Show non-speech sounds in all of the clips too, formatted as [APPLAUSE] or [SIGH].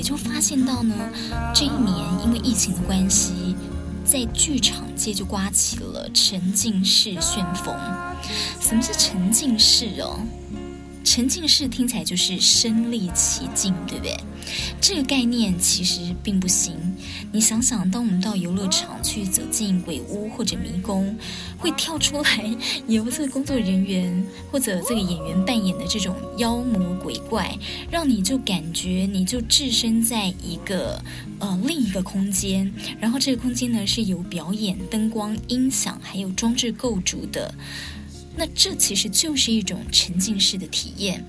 也就發現到呢，這一年因為疫情的關係，在劇場界就颳起了沉浸式旋風。什麼是沉浸式哦？沉浸式聽起來就是身臨其境，對不對？這個概念其實並不行。你想想，當我們到遊樂場去，走進鬼屋或者迷宮，會跳出來由這個工作人員或者這個演員扮演的這種妖魔鬼怪，讓你就感覺你就置身在一個呃另一個空間。然後這個空間呢是由表演、燈光、音響，還有裝置構築的。那這其實就是一種沉浸式的體驗。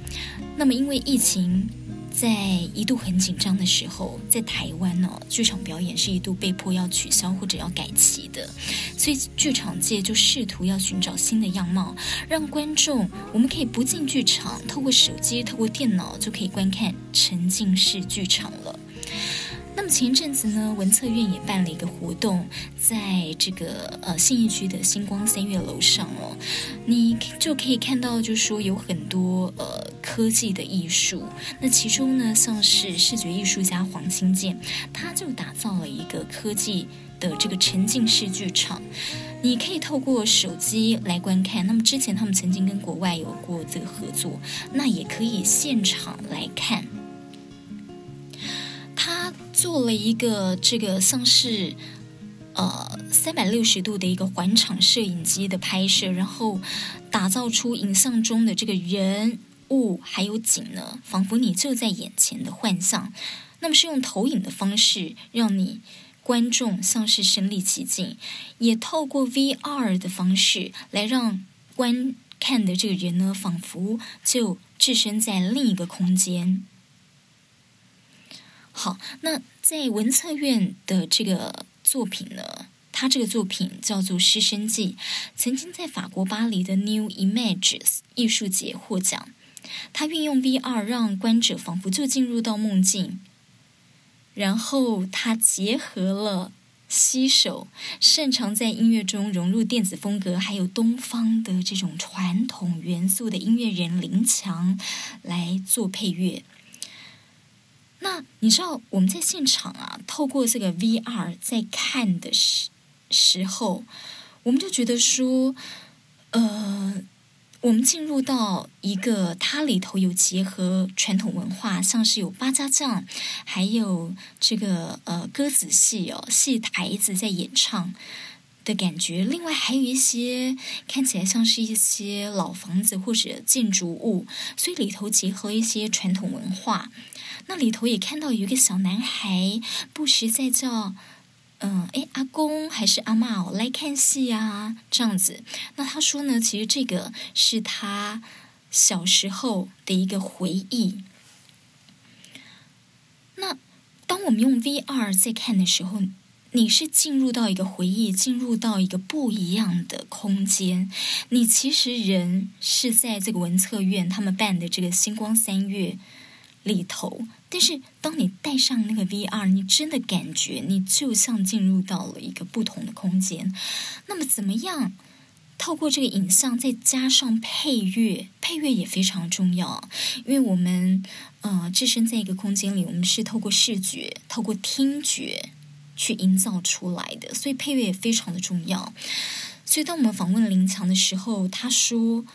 那麼，因為疫情在一度很緊張的時候，在台灣呢、哦，劇場表演是一度被迫要取消或者要改期的，所以劇場界就試圖要尋找新的樣貌，讓觀眾我們可以不進劇場，透過手機、透過電腦就可以觀看沉浸式劇場了。前陣子呢，文策院也辦了一個活動，在這個呃信義區的星光三月百貨樓上哦，你就可以看到，就說有很多呃科技的藝術。那其中呢，像是視覺藝術家黃心健，他就打造了一個科技的這個沉浸式劇場，你可以透過手機來觀看。那麼之前他們曾經跟國外有過這個合作，那也可以現場來看他。做了一個這個像是呃三百六十度的一個環場攝影機的拍攝，然後打造出影像中的這個人物還有景呢，仿佛你就在眼前的幻象。那麼是用投影的方式讓你觀眾像是身臨其境，也透過 VR 的方式來讓觀看的這個人呢，仿佛就置身在另一個空間。好，那在文策院的這個作品呢？他這個作品叫做《失身記》，曾經在法國巴黎的 New Images 藝術節獲獎。他運用 VR 讓觀者仿佛就進入到夢境。然後他結合了七首擅長在音樂中融入電子風格，還有東方的這種傳統元素的音樂人林強來做配樂。你知道我們在現場啊，透過這個 VR 在看的時時候，我們就覺得說，呃，我們進入到一個它裡頭有結合傳統文化，像是有八家將，還有這個呃歌仔戲哦，戲台子在演唱。的感覺。另外還有一些看起來像是一些老房子或者建築物，所以裡頭結合一些傳統文化。那裡頭也看到有一個小男孩不時在叫，嗯，哎，阿公還是阿嬤來看戲啊，這樣子。那他說呢，其實這個是他小時候的一個回憶。那當我們用 VR 在看的時候。你是進入到一個回憶，進入到一個不一樣的空間。你其實人是在這個文策院他們辦的這個“星光三月”裡頭，但是當你戴上那個 VR，你真的感覺你就像進入到了一個不同的空間。那麼，怎麼樣透過這個影像，再加上配樂，配樂也非常重要，因為我們呃置身在一個空間裡，我們是透過視覺，透過聽覺。去營造出來的，所以配樂也非常的重要。所以，當我們訪問林強的時候，他說，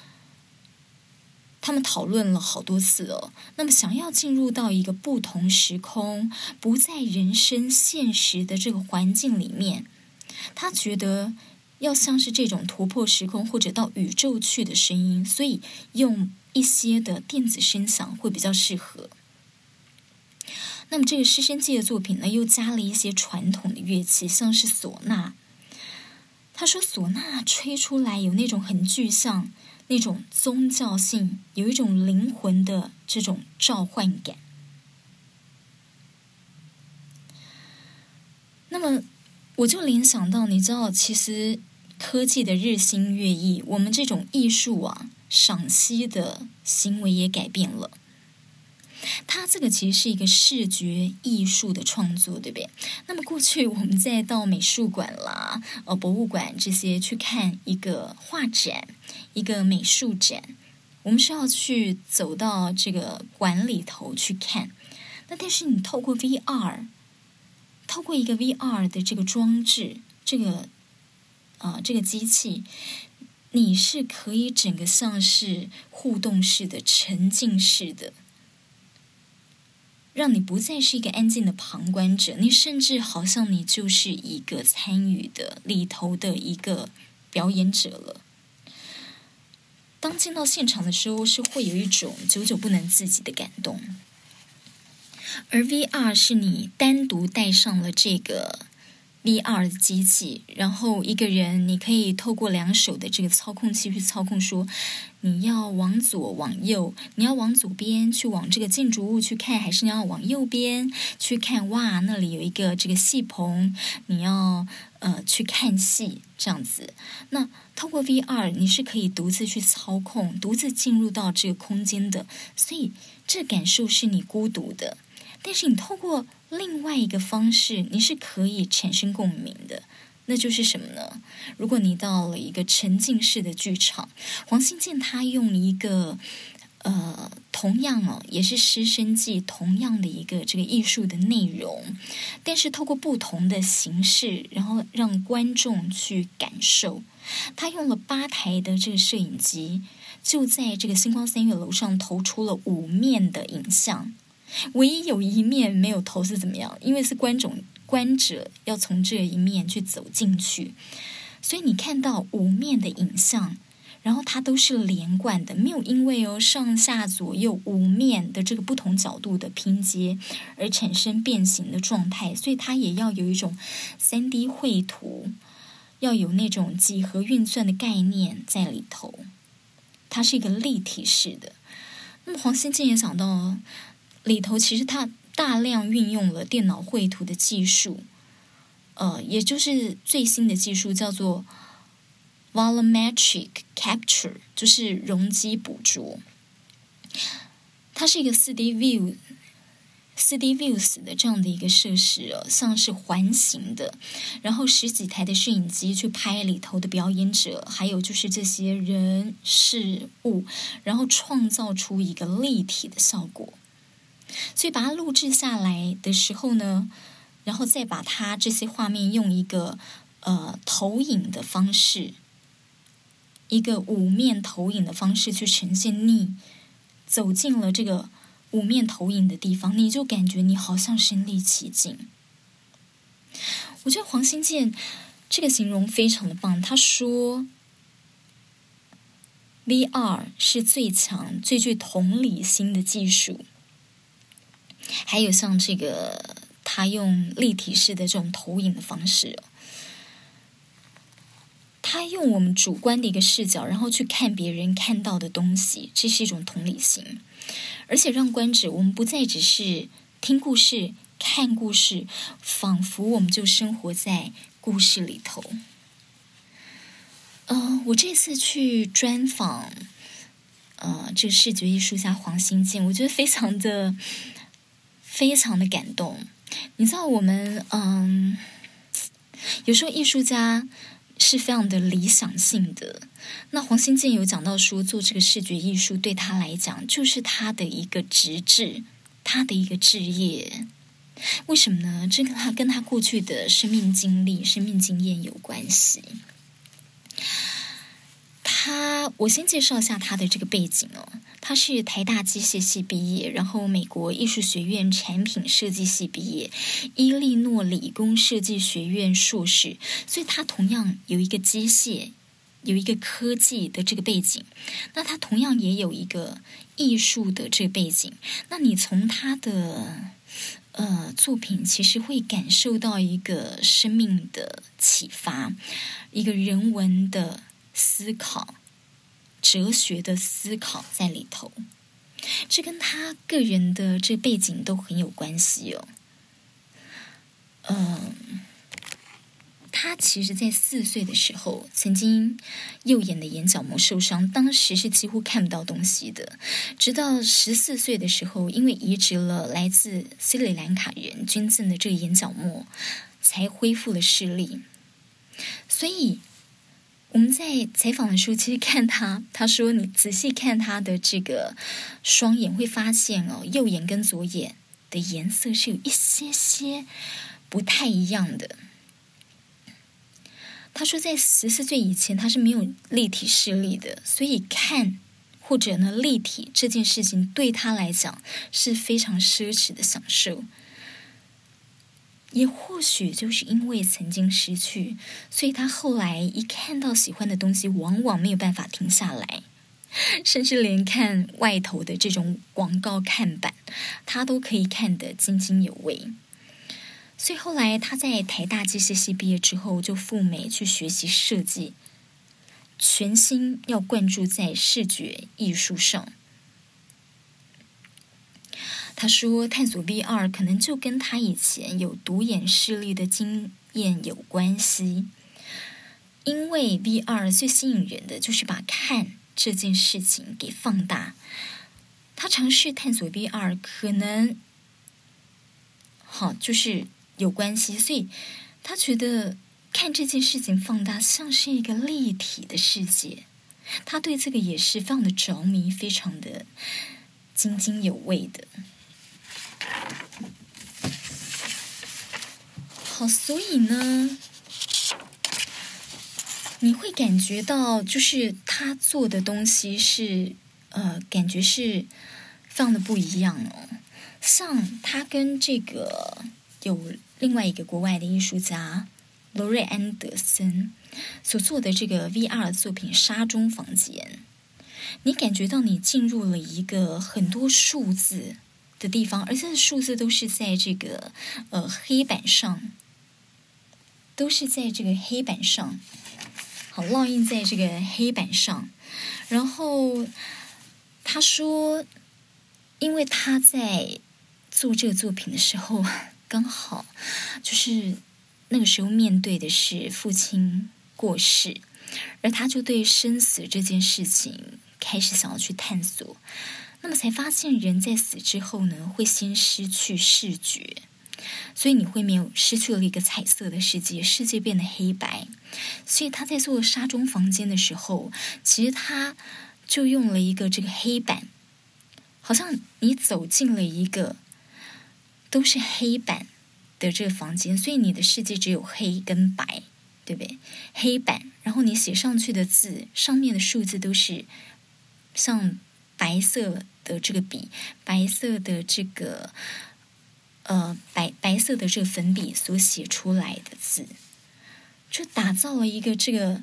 他們討論了好多次哦。那麼，想要進入到一個不同時空、不在人生現實的這個環境裡面，他覺得要像是這種突破時空或者到宇宙去的聲音，所以用一些的電子聲響會比較適合。那麼，這個師生記的作品呢，又加了一些傳統的樂器，像是嗩吶。他說，嗩吶吹出來有那種很具象、那種宗教性，有一種靈魂的這種召喚感。那麼，我就聯想到，你知道，其實科技的日新月異，我們這種藝術啊，賞析的行為也改變了。它這個其實是一個視覺藝術的創作，對不對？那麼過去我們再到美術館啦、呃博物館這些去看一個畫展、一個美術展，我們是要去走到這個館裡頭去看。那但是你透過 VR，透過一個 VR 的這個裝置、這個啊、呃、這個機器，你是可以整個像是互動式的、沉浸式的。讓你不再是一個安靜的旁觀者，你甚至好像你就是一個參與的裡頭的一個表演者了。當進到現場的時候，是會有一種久久不能自己的感動。而 VR 是你單獨戴上了這個。VR 的機器，然後一個人，你可以透過兩手的這個操控器去操控說，說你要往左，往右，你要往左邊去往這個建築物去看，還是你要往右邊去看？哇，那裡有一個這個戲棚，你要呃去看戲這樣子。那透過 VR，你是可以獨自去操控，獨自進入到這個空間的，所以這感受是你孤獨的。但是你透過另外一個方式，你是可以產生共鳴的，那就是什麼呢？如果你到了一個沉浸式的劇場，黃心健他用一個呃，同樣啊、哦，也是《失身記》同樣的一個這個藝術的內容，但是透過不同的形式，然後讓觀眾去感受。他用了八台的這個攝影機，就在這個星光三月樓上投出了五面的影像。唯一有一面沒有頭是怎麼樣？因為是觀眾觀者要從這一面去走進去，所以你看到五面的影像，然後它都是連貫的，沒有因為哦上下左右五面的這個不同角度的拼接而產生變形的狀態，所以它也要有一種三 D 繪圖，要有那種幾何運算的概念在裡頭，它是一個立體式的。那麼黃先生也想到。裡頭其實它大量運用了電腦繪圖的技術，呃，也就是最新的技術叫做 volumetric capture，就是容積捕捉。它是一個四 D view、四 D views 的這樣的一個設施啊，像是環形的，然後十幾台的攝影機去拍裡頭的表演者，還有就是這些人事物，然後創造出一個立體的效果。所以把它錄制下來的時候呢，然後再把它這些畫面用一個呃投影的方式，一個五面投影的方式去呈現你走進了這個五面投影的地方，你就感覺你好像身臨其境。我覺得黃心健這個形容非常的棒，他說，VR 是最強最具同理心的技術。還有像這個，他用立體式的這種投影的方式，他用我們主觀的一個視角，然後去看別人看到的東西，這是一種同理心，而且讓觀者我們不再只是聽故事、看故事，仿佛我們就生活在故事裡頭。嗯、呃，我這次去專訪，呃，這個、視覺藝術家黃心健，我覺得非常的。非常的感動，你知道我們嗯，有時候藝術家是非常的理想性的。那黃心健有講到說，做這個視覺藝術對他來講，就是他的一個職志，他的一個志業。為什麼呢？這個他跟他過去的生命經歷、生命經驗有關係。他，我先介紹一下他的這個背景哦。他是台大機械系畢業，然後美國藝術學院產品設計系畢業，伊利諾理工設計學院碩士。所以他同樣有一個機械，有一個科技的這個背景。那他同樣也有一個藝術的這個背景。那你從他的呃作品，其實會感受到一個生命的啟發，一個人文的。思考，哲學的思考在裡頭，這跟他個人的這背景都很有關係哦。嗯，他其實，在四歲的時候，曾經右眼的眼角膜受傷，當時是幾乎看不到東西的。直到十四歲的時候，因為移植了來自斯里蘭卡人捐贈的這個眼角膜，才恢復了視力。所以。我們在採訪的時候，其實看他，他說：“你仔細看他的這個雙眼，會發現哦，右眼跟左眼的顏色是有一些些不太一樣的。”他說，在十四歲以前，他是沒有立體視力的，所以看或者呢立體這件事情，對他來講是非常奢侈的享受。也或許就是因為曾經失去，所以他後來一看到喜歡的東西，往往沒有辦法停下來，甚至連看外頭的這種廣告看板，他都可以看得津津有味。所以後來他在台大機械系畢業之後，就赴美去學習設計，全心要灌注在視覺藝術上。他說：“探索 VR 可能就跟他以前有獨眼視力的經驗有關係，因為 VR 最吸引人的就是把看這件事情給放大。他嘗試探索 VR 可能好就是有關係，所以他覺得看這件事情放大像是一個立體的世界。他對這個也是非常的着迷，非常的津津有味的。”好，所以呢，你會感覺到，就是他做的東西是，呃，感覺是放的不一樣哦。像他跟這個有另外一個國外的藝術家羅瑞安德森所做的這個 VR 作品《沙中房間》，你感覺到你進入了一個很多數字。的地方，而現在數字都是在這個呃黑板上，都是在這個黑板上，好烙印在這個黑板上。然後他說，因為他在做這個作品的時候，剛好就是那個時候面對的是父親過世，而他就對生死這件事情。開始想要去探索，那麼才發現人在死之後呢，會先失去視覺，所以你會沒有失去了一個彩色的世界，世界變得黑白。所以他在做沙中房間的時候，其實他就用了一個這個黑板，好像你走進了一個都是黑板的這個房間，所以你的世界只有黑跟白，對不對？黑板，然後你寫上去的字，上面的數字都是。像白色的這個筆，白色的這個呃白白色的這個粉筆所寫出來的字，就打造了一個這個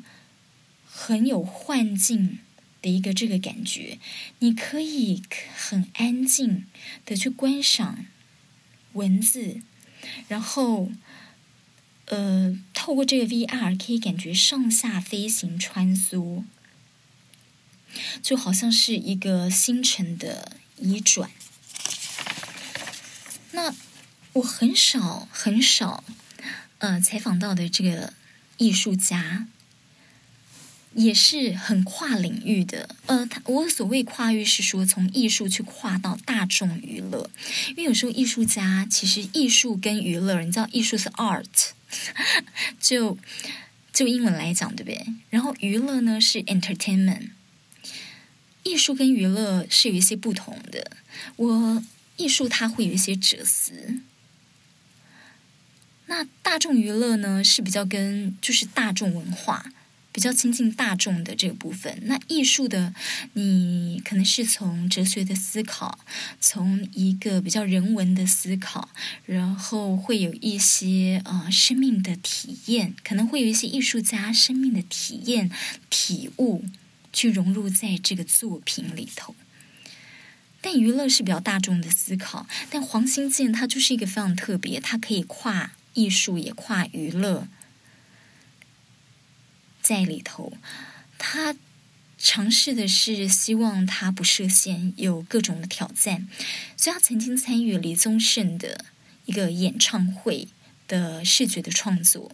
很有幻境的一個這個感覺。你可以很安靜的去觀賞文字，然後呃透過這個 VR 可以感覺上下飛行穿梭。就好像是一個星辰的移轉。那我很少很少，呃，採訪到的這個藝術家，也是很跨領域的。呃，他，我所謂跨域是說，從藝術去跨到大眾娛樂，因為有時候藝術家其實藝術跟娛樂，你知道藝術是 art， [LAUGHS] 就就英文來講，對不對？然後娛樂呢是 entertainment。藝術跟娛樂是有一些不同的。我藝術它會有一些哲思，那大眾娛樂呢是比較跟就是大眾文化比較親近大眾的這個部分。那藝術的你可能是從哲學的思考，從一個比較人文的思考，然後會有一些呃生命的體驗，可能會有一些藝術家生命的體驗體悟。去融入在這個作品裡頭，但娛樂是比較大眾的思考。但黃心健他就是一個非常特別，他可以跨藝術也跨娛樂，在裡頭，他嘗試的是希望他不設限，有各種的挑戰。所以，他曾經參與李宗盛的一個演唱會的視覺的創作。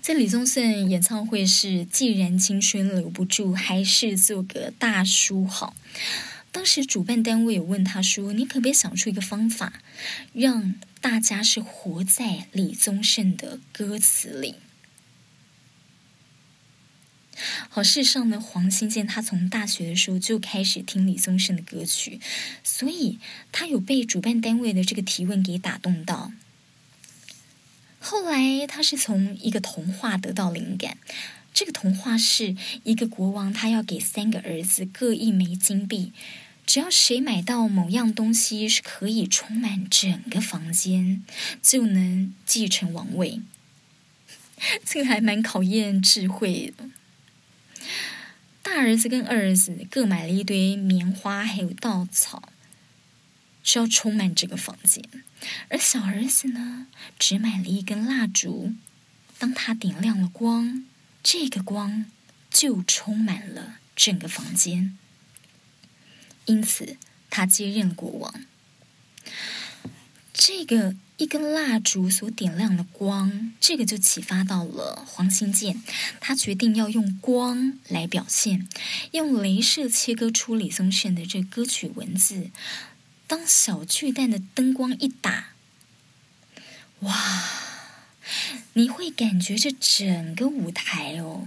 在李宗盛演唱會是，既然青春留不住，還是做個大叔好。當時主辦單位有問他說：“你可別想出一個方法，讓大家是活在李宗盛的歌詞裡。”好，事實上呢，黃心健他從大學的時候就開始聽李宗盛的歌曲，所以他有被主辦單位的這個提問給打動到。後來，他是從一個童話得到靈感。這個童話是一個國王，他要給三個兒子各一枚金幣，只要誰買到某樣東西是可以充滿整個房間，就能繼承王位。這個還蠻考驗智慧的。大兒子跟二兒子各買了一堆棉花，還有稻草。是要充滿這個房間，而小兒子呢，只買了一根蠟燭。當他點亮了光，這個光就充滿了整個房間。因此，他接任國王。這個一根蠟燭所點亮的光，這個就啟發到了黃心健。他決定要用光來表現，用鐳射切割出李宗盛的這個歌曲文字。當小巨蛋的燈光一打，哇！你會感覺這整個舞台，哦，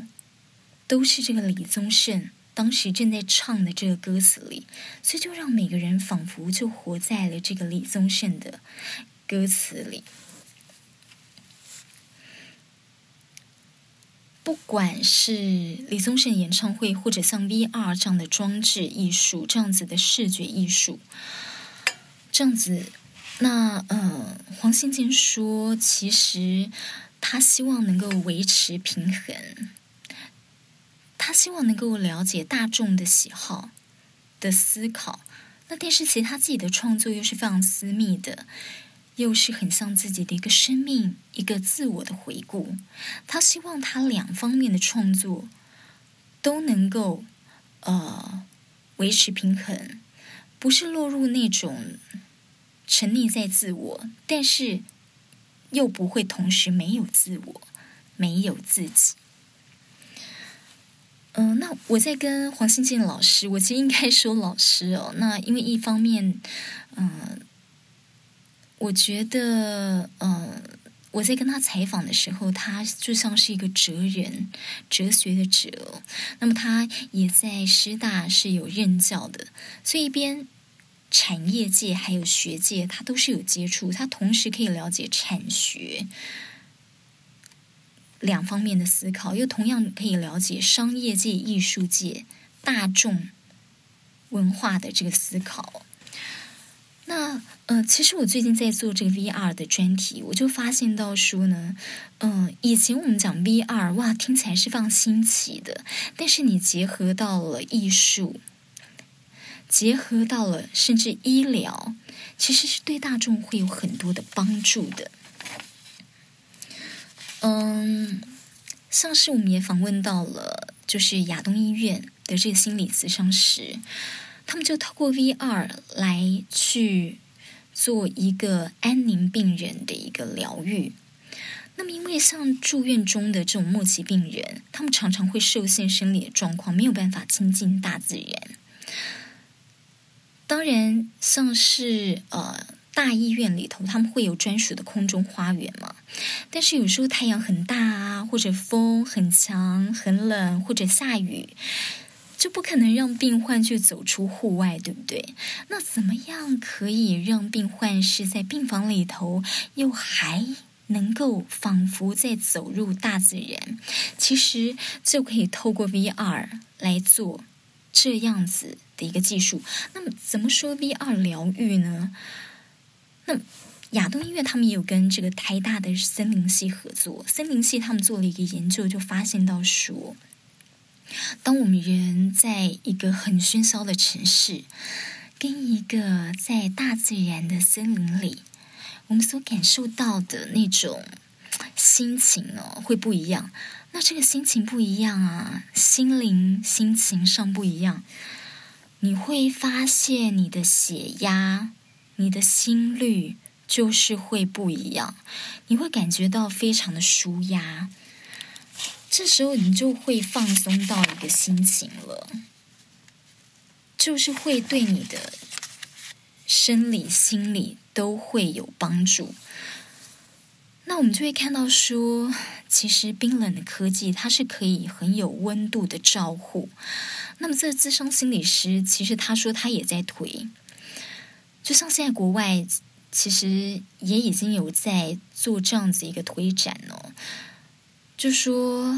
都是這個李宗盛當時正在唱的這個歌詞裡，所以就讓每個人仿佛就活在了這個李宗盛的歌詞裡。不管是李宗盛演唱會，或者像 VR 這樣的裝置藝術，這樣子的視覺藝術。這樣子，那呃，黃欣健說，其實他希望能夠維持平衡，他希望能夠了解大眾的喜好的思考。那電視其實他自己的創作又是非常私密的，又是很像自己的一個生命、一個自我的回顧。他希望他兩方面的創作都能夠呃維持平衡，不是落入那種。沉溺在自我，但是又不會同時沒有自我，沒有自己。嗯、呃，那我在跟黃信靜老師，我其實應該說老師哦。那因為一方面，嗯、呃，我覺得，嗯、呃，我在跟他採訪的時候，他就像是一個哲人，哲學的哲。那麼他也在師大是有任教的，所以一邊。產業界還有學界，他都是有接觸，他同時可以了解產學兩方面的思考，又同樣可以了解商業界、藝術界、大眾文化的這個思考。那呃，其實我最近在做這個 VR 的專題，我就發現到說呢，嗯、呃，以前我們講 VR，哇，聽起來是非常新奇的，但是你結合到了藝術。結合到了，甚至醫療，其實是對大眾會有很多的幫助的。嗯，像是我們也訪問到了，就是亞東醫院的這個心理諮商師，他們就透過 VR 來去做一個安寧病人的一個療癒。那麼，因為像住院中的這種末期病人，他們常常會受限生理的狀況，沒有辦法親近大自然。當然，像是呃大醫院裡頭，他們會有專屬的空中花園嘛。但是有時候太陽很大啊，或者風很強、很冷，或者下雨，就不可能讓病患去走出戶外，對不對？那怎麼樣可以讓病患是在病房裡頭，又還能夠仿佛在走入大自然？其實就可以透過 VR 來做這樣子。一個技術，那麼怎麼說 VR 療癒呢？那麼亞東醫院他們也有跟這個臺大的森林系合作，森林系他們做了一個研究，就發現到說，當我們人在一個很喧囂的城市，跟一個在大自然的森林裡，我們所感受到的那種心情呢、哦，會不一樣。那這個心情不一樣啊，心靈、心情上不一樣。你會發現你的血壓、你的心率就是會不一樣，你會感覺到非常的舒壓。這時候你就會放鬆到一個心情了，就是會對你的生理、心理都會有幫助。那我們就會看到說，其實冰冷的科技，它是可以很有溫度的照護。那麼，這個資深心理師其實他說他也在推，就像現在國外其實也已經有在做這樣子一個推展哦，就說，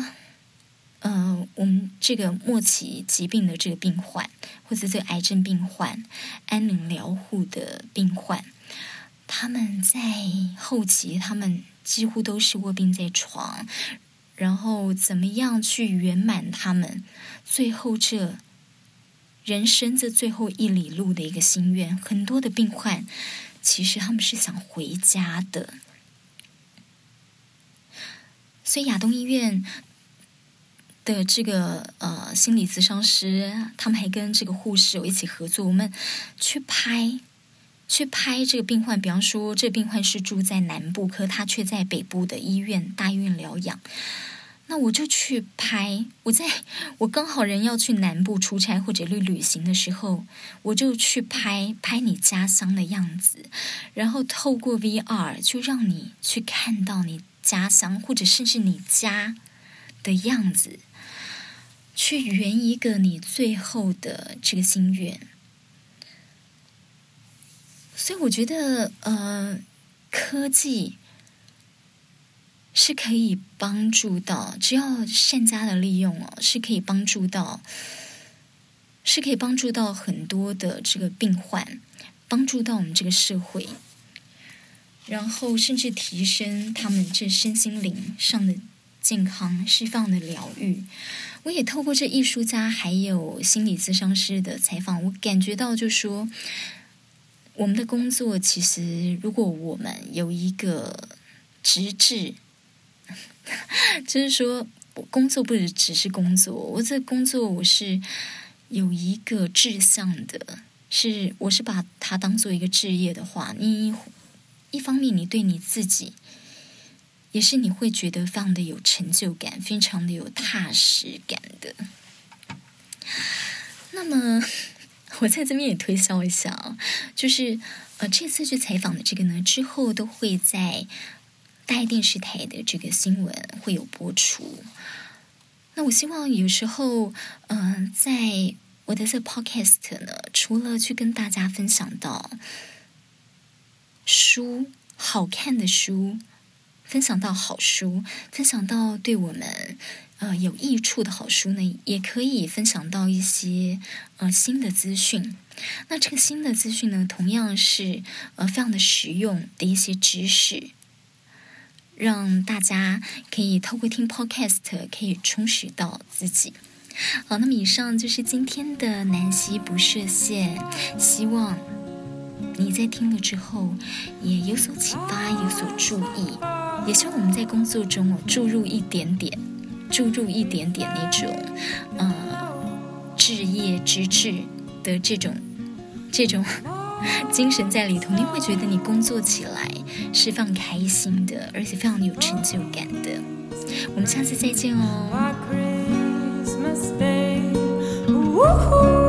嗯、呃，我們這個末期疾病的這個病患，或者這個癌症病患、安寧療護的病患，他們在後期，他們幾乎都是臥病在床。然後怎麼樣去圓滿他們最後這人生這最後一里路的一個心願，很多的病患其實他們是想回家的，所以亞東醫院的這個呃心理諮商師，他們還跟這個護士有一起合作，我們去拍。去拍這個病患，比方說，這個病患是住在南部，可他卻在北部的醫院大醫院療養。那我就去拍，我在我剛好人要去南部出差或者去旅行的時候，我就去拍拍你家鄉的樣子，然後透過 VR 就讓你去看到你家鄉或者甚至你家的樣子，去圓一個你最後的這個心願。所以我覺得，呃，科技是可以幫助到，只要善加的利用哦，是可以幫助到，是可以幫助到很多的這個病患，幫助到我們這個社會，然後甚至提升他們這身心靈上的健康，釋放的療癒。我也透過這藝術家還有心理諮商師的採訪，我感覺到就說。我們的工作其實，如果我們有一個職志，就是說，工作不是只是工作，我這工作我是有一個志向的，是我是把它當做一個職業的話，你一,一方面你對你自己，也是你會覺得非常的有成就感，非常的有踏實感的。那麼。我在這邊也推銷一下，就是呃，這次去採訪的這個呢，之後都會在大愛電視台的這個新聞會有播出。那我希望有時候，嗯、呃，在我的這 podcast 呢，除了去跟大家分享到書，好看的書，分享到好書，分享到對我們。呃，有益處的好書呢，也可以分享到一些呃新的資訊。那這個新的資訊呢，同樣是呃非常的實用的一些知識，讓大家可以透過聽 podcast 可以充實到自己。好，那麼以上就是今天的南希不設限，希望你在聽了之後也有所啟發，有所注意，也希望我們在工作中哦注入一點點，注入一點點那種，呃，置業之志的這種，這種精神在裡頭，你會覺得你工作起來是非常開心的，而且非常有成就感的。我們下次再見哦。嗯